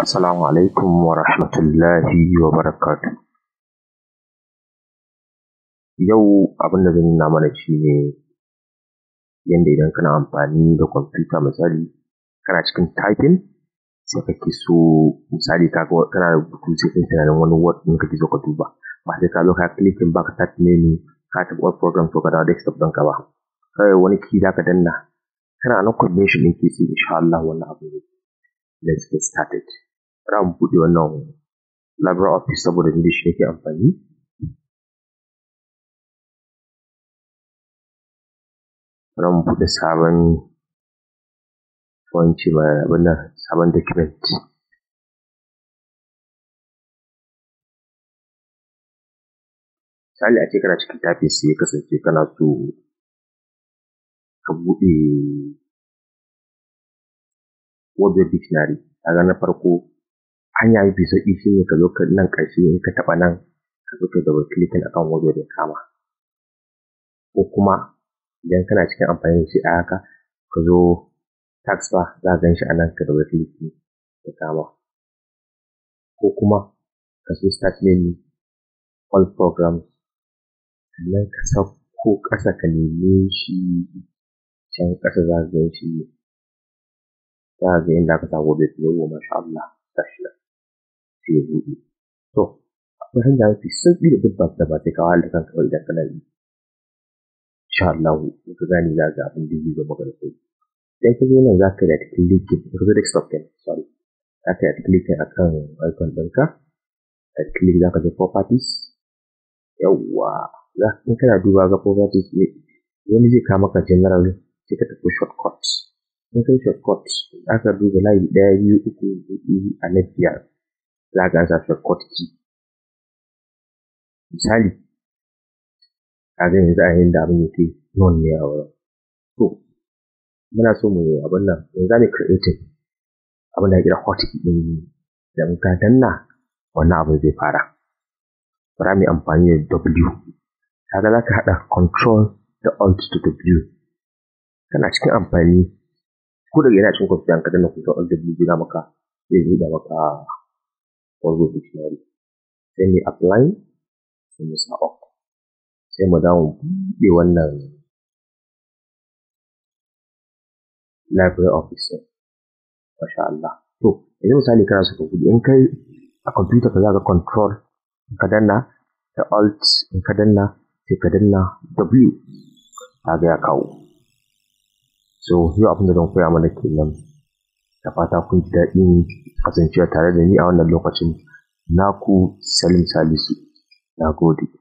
Assalamu alaikum wa rahmatullahi wa barakatu. Yau abin da zan nuna mana shi ne yadda idan kana amfani da kwamfuta misali kana cikin typing sai kake so misali kaga kana rubutu sai kai tunanin wani word ɗin kake so ka duba ba sai ka zo ka clicking back type ne ka tafi wani program ko ka dawo desktop ɗinka ba kawai wani key da ka danna kana nan kwamishin ɗin ke sai insha Allah wannan abu ne let's get started za mu buɗe wannan library ofis saboda ni shi nake amfani za mu buɗe sabon yawanci ba abin sabon document misali a ce kana cikin tafi sai ya kasance kana so ka buɗe word dictionary a na farko hanya mafi sauƙi shi ne ka zo ka nan ƙarshe in ka taɓa nan ka zo ka gaba clicking akan wajen da kama ko kuma idan kana cikin amfani da shi a haka ka zo tax bar za ka gan shi a nan ka gaba clicking ya kama ko kuma ka zo start menu all programs sannan ka sauko ƙasa ka neme shi can ƙasa za ka gan shi za ka ga inda aka sa gobe yawwa masha Allah gashi nan sai ya buɗe to akwai hanya mafi sauƙi da duk da ba ta kawo halittar kawai idan kana yi sha Allahu in ka gane za ga abin da zai zo maka da idan ka zo nan za ka yi da cikin linkin ka zo da ɗin sorry za ka yi da cikin linkin kan icon ɗinka a cikin za ka je properties yawwa za in kana duba ga properties ne wani zai kawo maka general sai ka tafi shortcuts in ka kai shortcuts za ka duba layi ɗaya biyu uku huɗu a na biyar za ka sa shortcut key misali kaga yanzu a yanda abin yake non ne a wurin to muna so mu abin nan yanzu mu creating abin da ya kira hotkey din da mun ka danna wannan abin zai fara bara mu amfani da w kaga za ka haɗa control da alt to w kana cikin amfani ko daga yana cikin kwamfuta ka danna control alt w zai maka zai buɗe maka ko Google Dictionary. Sai mu apply sai mu sa ok. Sai mu dawo mu buɗe wannan library office Masha Allah. To, yanzu misali kana so ka buɗe in kai a kwamfuta ka za ka control in ka danna da alt in ka danna sai ka danna W ka ga ya kawo. So, yau abin da zan koya mana kenan. da fata kun ji daɗin kasancewa tare da ni a wannan lokacin. Naku Salim Salisu. Na gode.